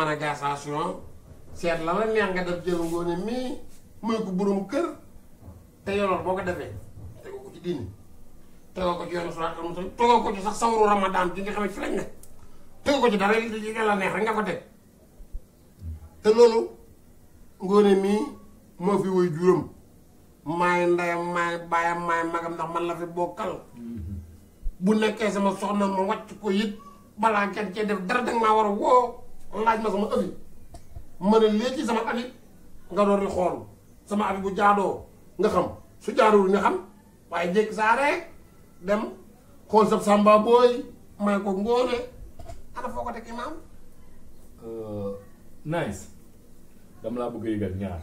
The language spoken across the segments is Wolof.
mën a gasation ah. seet la la neex nga def jël ngoone mii muy ko borom kër te yolool boo ko defee tegoo ko ci diini tegoo ko ci ko la neex nga ko teg te loolu ngoone mii moo fi woy juróom maay ndeyam maay baayam maay magam ndax man la fi bokkal mm-hmm. bu nekkee sama soxna ma wàcc ko it balaa kenn cee def dara danga maa war a woo laaj ma sama avis ma ne léegi ci sama avis nga doon di xool sama avis bu jaadoo nga xam su jaadowul nga am waaye jékki saa rek dem xool sa sàmba booy may ko ngóone ana foo ko teg imaam euh, nice dama laa bëgg yëgal ñaar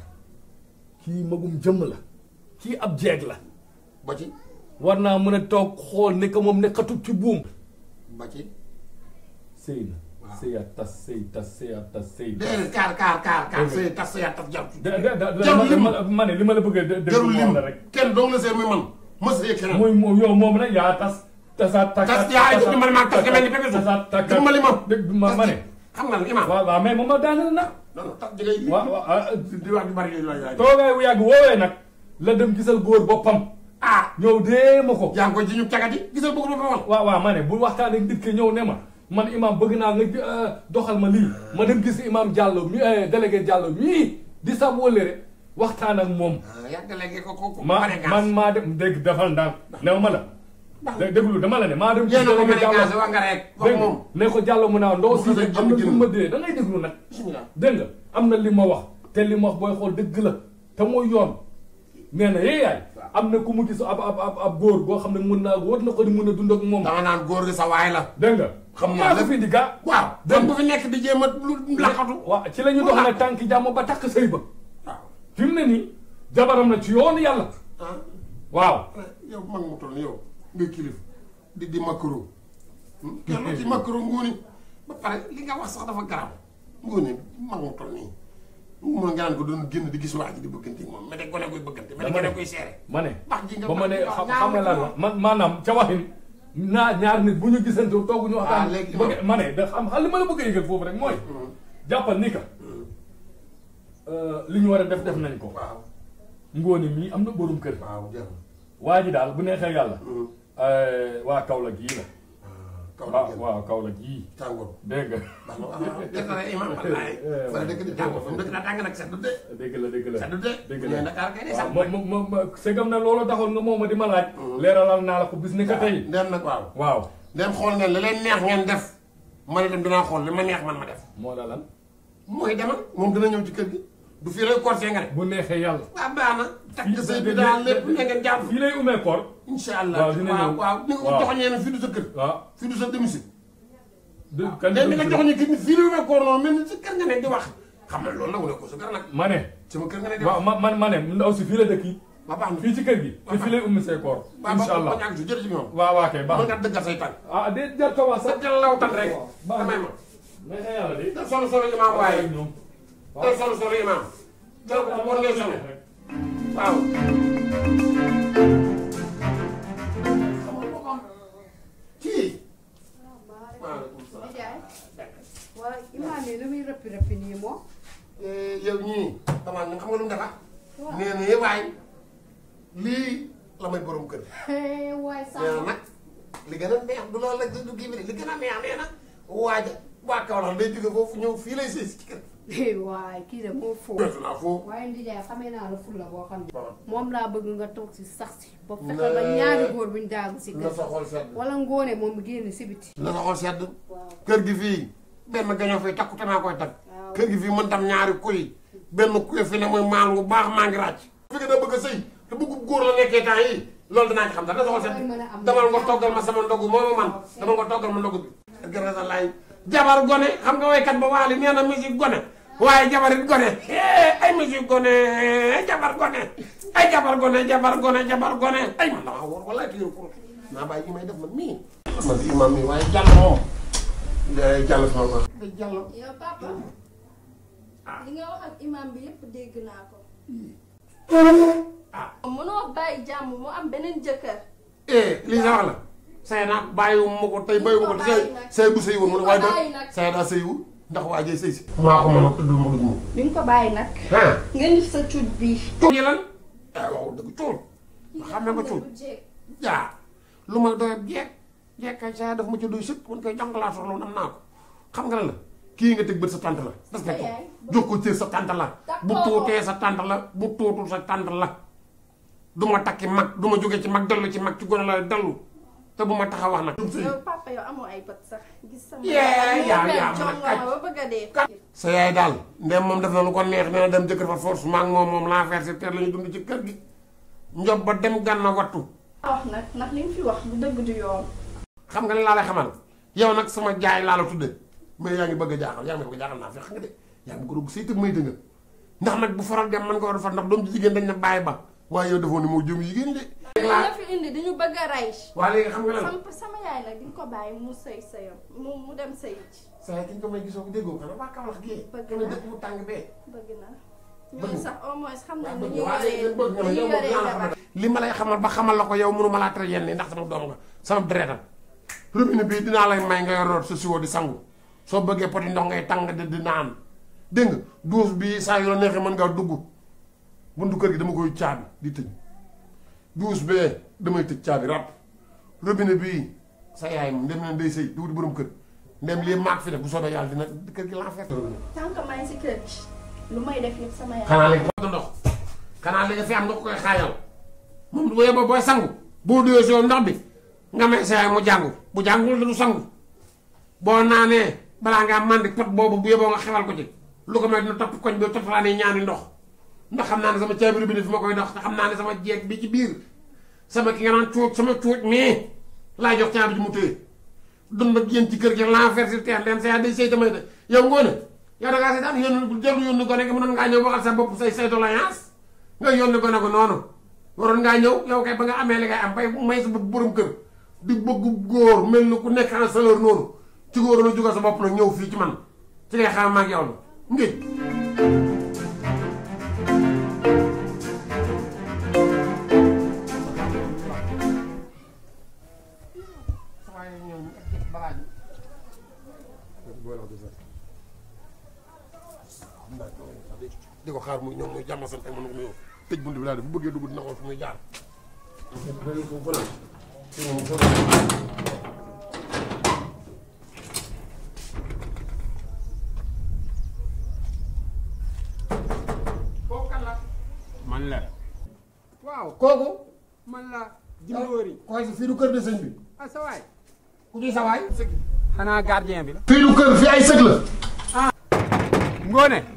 kii magum jëmm la kii ab jeeg la ba ci war naa mën a toog xool ne ko moom nekkatut ci buum ba ci sëy na sëy ak tas sëy tas sëy ak tas sëy. déedéet kaar kaar kaar kaar sëy tas sëy ak tas jàpp. jàpp lim ma ne li ma la bëgg a déglu moom la rek. kenn dong la sëy ma su. li ma. dégg ma ma ne. xam ma. ma daaneel na. non non tas jege nag. la dem gisal góor boppam. ñëw dee ma ko. yaa ngi koy ji ñu cagati gisal bëgg ma fa waaw waaw ma ne bu waxtaanee nit ki ñëw ne ma man imam bëgg naa nga euh, doxal ma lii ah. ma dem gis imam Diallo mi euh, délégué Diallo mii di sab wëllëre waxtaan ak moom. Ah, ma man maa dem dégg defal ndànk new ma la. déglu dama la ne maa dem. yéen a ko ne ko Diallo mu naan ndoo si am na lu ma dee da ngay déglu dégg nga am na li ma wax te li ma wax booy xool dëgg la te mooy yoon. nee na yee am na ku mu gis ab ab ab ab góor boo xam ne mun naa wóor na ko ni mun a dund moom. dama naan góor gi sa waay la. dégg nga xam naa la fi di gaa. waaw dem bu fi nekk di jéem a lu la ñu tànk jàmm ba takk sëy ba. waaw fi mu ne nii. jabaram na ci yoonu yàlla. Ah. waaw. Eh, yow yow nga kilif di di makaro. Hmm? ci makaro nguuni ba pare li nga wax sax dafa garaaw nguuni mag mu toll nii. moom nga naan ko doon génn di gis wax ji di bëggante moom mais de gone koy bëggante. mais de gone koy seere. ma ne ba ma ne xam nga lan la man maanaam ca waxin. naa ñaar nit bu ñu gisante tooguñu ah, waxtaan. bëgg ma ne de xam xam li ma la bëgg a yëgal foofu rek mooy. Mm-hmm. jàppal ni ka. Mm-hmm. Euh, li ñu war a def def nañ ko. waaw ngóone mii am na borom kër. waaw waa ji daal bu neexee yàlla. Mm-hmm. Euh, waa Kaolack la la. Kaolack ah, waaw waaw Kaolack yii. tàngoor dégg nga. dëgg la imam wallaay. fa dëgg de tàngoor fa dëgg la tàng nag sedd de. dëgg la dëgg la sedd de. dëgg la Dakar kay de ah, sedd ma ma ma segam na loolu taxoon nga moom a di ma laaj. Mm-hmm. leeralal naa la ko bis ni ko ah, tey. ndem nag waaw waaw. ndem xool ngeen la leen neex ngeen def. ma ne dem dinaa xool li ma neex man ma def. moo la lan. mooy demal moom dina ñëw ci kër gi. du fi lay koor nga ne. bu neexee yàlla. waaw baax na. takk sëy bi daal lépp ne ngeen jàpp. fii lay umee allah waaw dina ñëw waaw ni nga joxoñee ne ni nga joxoñee ni sa di wax. xam nga loolu nag wane ko ma ne. sama kër nga ne ma ne ndaw si kër gi. waaw te fii lay ummi say koor. incha allah waaw ba ñàkk si jërëjëf ñoom. waaw waaw day solo solo imaam jël ko ko war ngay solo waaw. kii. maaleykum salaam. waaw lu muy rëppi rëppi nii moom. Eh, yow ñii damaa ñu xam nga lu mu defa ah? nee eh, lii la may borom kër. waay sax nee li gën a neex du loolu la du kii bi li gën a neex nee ñëw fii lay sëy si kër. Eh, kii de moo foo. waaye Ndiaye xamee naa la la boo xam ne. moom laa bëgg nga toog si sax si. ba fexe ba ñaari góor buñ daagu si kër wala ngoone moom génn si biti. la sa xol sedd. kër gi fii benn gaño fay takku tamaa koy takk. kër gi fii mën tam ñaari kuy. benn kuy fi ne mooy maal bu baax maa ngi ràcc. fi nga bëgg a sëy te bëggu góor la nekkee temps yi loolu dinaa ci xam dara na sa xol sedd. damal nga toggal ma sama ndogu moo ma man damal nga toggal ma ndogu bi. gërëm sa laay jabar gone xam nga waykat ba waali nee na musique gone waaye jabar gone eh, ay monsieur gone jabar gone ay jabar gone jabar gone gone ay man damaa wóor wala ki yor naa bàyyi li may def man mii mi waaye jàll moom jàll sama ko jàll yow papa ah. li nga wax ak imam bi yëpp dégg naa ko hmm. ah mënoo bàyyi jàmm mu am beneen jëkkër eh li nga wax la say ma ko tey bàyyiwu ma ko tey say bu ndax waajee sëy si. maa ko mën a tudd mu dugg. nga ko bàyyi nag. nga def sa cuut bii. cuut yi lan. ah waaw xam na nga cuut. jaa lu ma doyab jeeg jeeg kay saa daf ma ci doy sëkk man kay jàngalaatoo loolu am naa ko xam nga la la. kii nga teg bët sa tante la. parce que jox ko cër sa tante la. bu tuutee sa tante la bu tuutul sa tante la. du ma takki mag du ma jóge ci mag dellu ci mag ci gone la dellu. te bu ma tax a wax nag. yow papa amoo ay bët sax. daal ndem moom def na lu ko neex nee na dem jëkkër fa force maag moom moom laa versé ter la ñu dund ci kër gi. njob ba dem gànna wattu. wax nag ndax xam nga ne laa lay xamal yow nag sama jaay laa la tudde mais yaa ngi bëgg a jaaxal yaa ngi bëgg a jaaxal naa fi nga de yaa ngi bëgg a sëy may dëngal ndax nag bu faral dem man nga war a fa ndax doom jigéen dañ na bàyyi ba waaye yow defoon ne moo jëm jigéen de la di ñu ko may gisoo ko déggoo xanaa waa Kaolack na dëkk bu tàng bee. bëgg na ñun sax au xam nañ li ma lay xamal ba xamal la ko yow mënu ma laa tere yenn ndax sama doom nga sama deretal robinet bii dinaa lay may nga yoroot sa siwo di sangu soo bëggee poti ndox ngay tàng di di naan dégg nga duus bi saa yu la neexee mën ngaa dugg buntu kër gi dama koy caabi di tëj douche bee damay tëj caabi ràpp robinet bii sa yaay mu ndem leen day sëy di wuti borom kër ndem lii maag fi def bu soobee yàlla dina kër gi laa fekk. tant que maa kër gi lu may def yëpp sama fi am nga ko koy xaayal moom bu yeboo booy sangu boo duyoo si yow ndox bi nga may sa yaay mu jàngu bu jàngul du sangu boo naanee balaa ngaa màndi pot boobu bu yeboo nga xewal ko ci lu ko may dina topp koñ bi topp laa ne ñaani ndox. ndax xam naa ne sama caabi robinet fi ma koy dox te xam naa ne sama jeeg bi ci biir sama ki nga naan cuuc sama cuuc mais laa jox caabi ji mu téye dund ak yéen ci kër gi l'enfer sur terre leen say day say tamay de yow ngoone yow da ngaa seetaan yónni jarul yónni gone gi mënoon ngaa ñëw sa bopp say say doléance nga yónni gone ko noonu waroon gaa ñëw yow kay ba nga amee li ngay am bay may sa bopp borom kër di bëgg góor mel ni ku nekk sa salaire noonu ci góor la jógal sa bopp nag ñëw fii ci man ci ngay xaar ma ak yow la di ko xaar muy ñoom muy jàmm sant ak ma nu tëj bunt bi daal bu bëggee dugg dina ko muy jaar. man la. waaw kooku. la jimboori. waaye si du kër de bi. ah sa ku di sa xanaa gardien bi fii du kër fii ay sëg ah. Ngoone.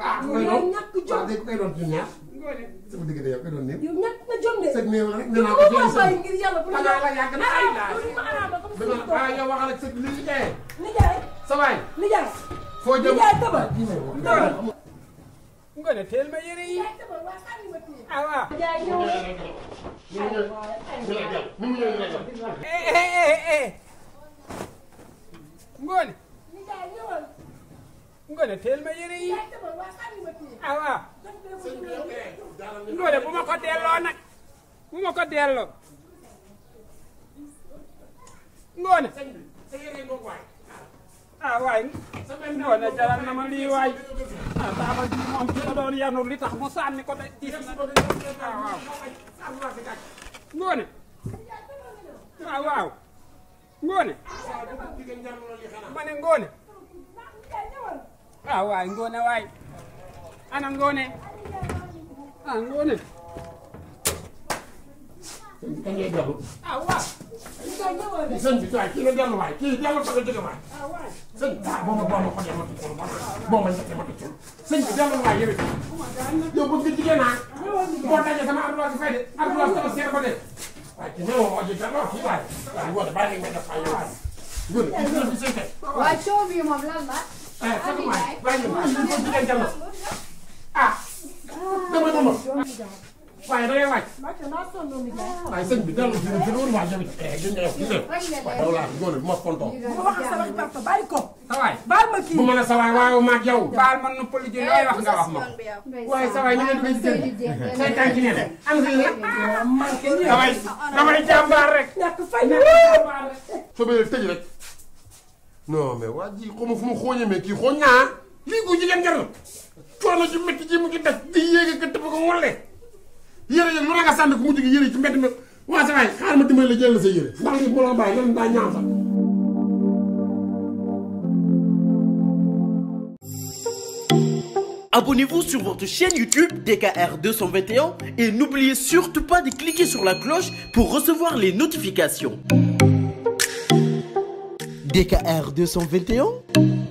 ah ku koy doon waaw ku koy doon ñun ñaar. sama diggante yow koy doon néew. yow ñàkk nga jom de. sëg néew rek nee naa ko fii nii sëg ngir yàlla bu la yàgg na ay ah, laaj. Ah, yow waxal ak sëg li ñu teye. nijaay sa waay. nijaay foo jëm nijaay tabal. Ah, Ngoné teel ma yére yi. ah waaw. nijaay ñëw Ngoné teel ma yére yi ah waaw Ngoné bu ma ko delloo nag bu ma ko delloo ah, na ma lii waay ah taabal bi moom ki ko doon yanu li tax mu ah, ah, ma ne Ngoné waaw ah, waay ngoone waay ana ngoone ah ngoone da ngay dellu ah waaw sëñ bi waay kii nga dellu waay kii dellu fa nga jóge waay ah, sëñ ah boo ma boo ma xoolee ma tuccul boo ma ñettee ma tuccul sëñ bi dellu waay yow it yow bëgg nga jigéen naa ah? boo dajee sama ardoise fay de ardoise sama seer ko de waaye ki ñëwoo ma jël dara kii waay waaye ngoone bàyyi nga def waay yow waay ngoone waaw coow bi moom lan la ah sama waay waaye man man man jigéen jàll ah dama dama waaye da ngay waaj waaye sëñ bi delloo jiw bi delloo waaj yow eh gis nga yow gis nga waaye daw laa góor bu ma kontoon. bu wax sa wax papa bàyyi ko. sa waay baal ma kii bu ma la sa waay waaw ma ak yow. baal ma noppali ji looy wax nga wax ma ko. waaye sa waay ñu ngeen di gën di gën say tànk nee na am nga la. damay jàmbaar rek. ñàkk fay na jàmbaar rek. soo bëggee tëj rek. non mais waa ji xaw ma fu mu xooñee mais kii xooñ naa lii ko jigéen jarul coono ci métti ji mu di yéeg ak tëb ko ko mujj gi yére ci mbedd mi waa sa waay xaaral ma dimbali daa ñaaw sax Abonnez-vous sur votre chaîne YouTube DKR et n'oubliez surtout pas de cliquer sur la cloche pour recevoir les notifications. DKR 221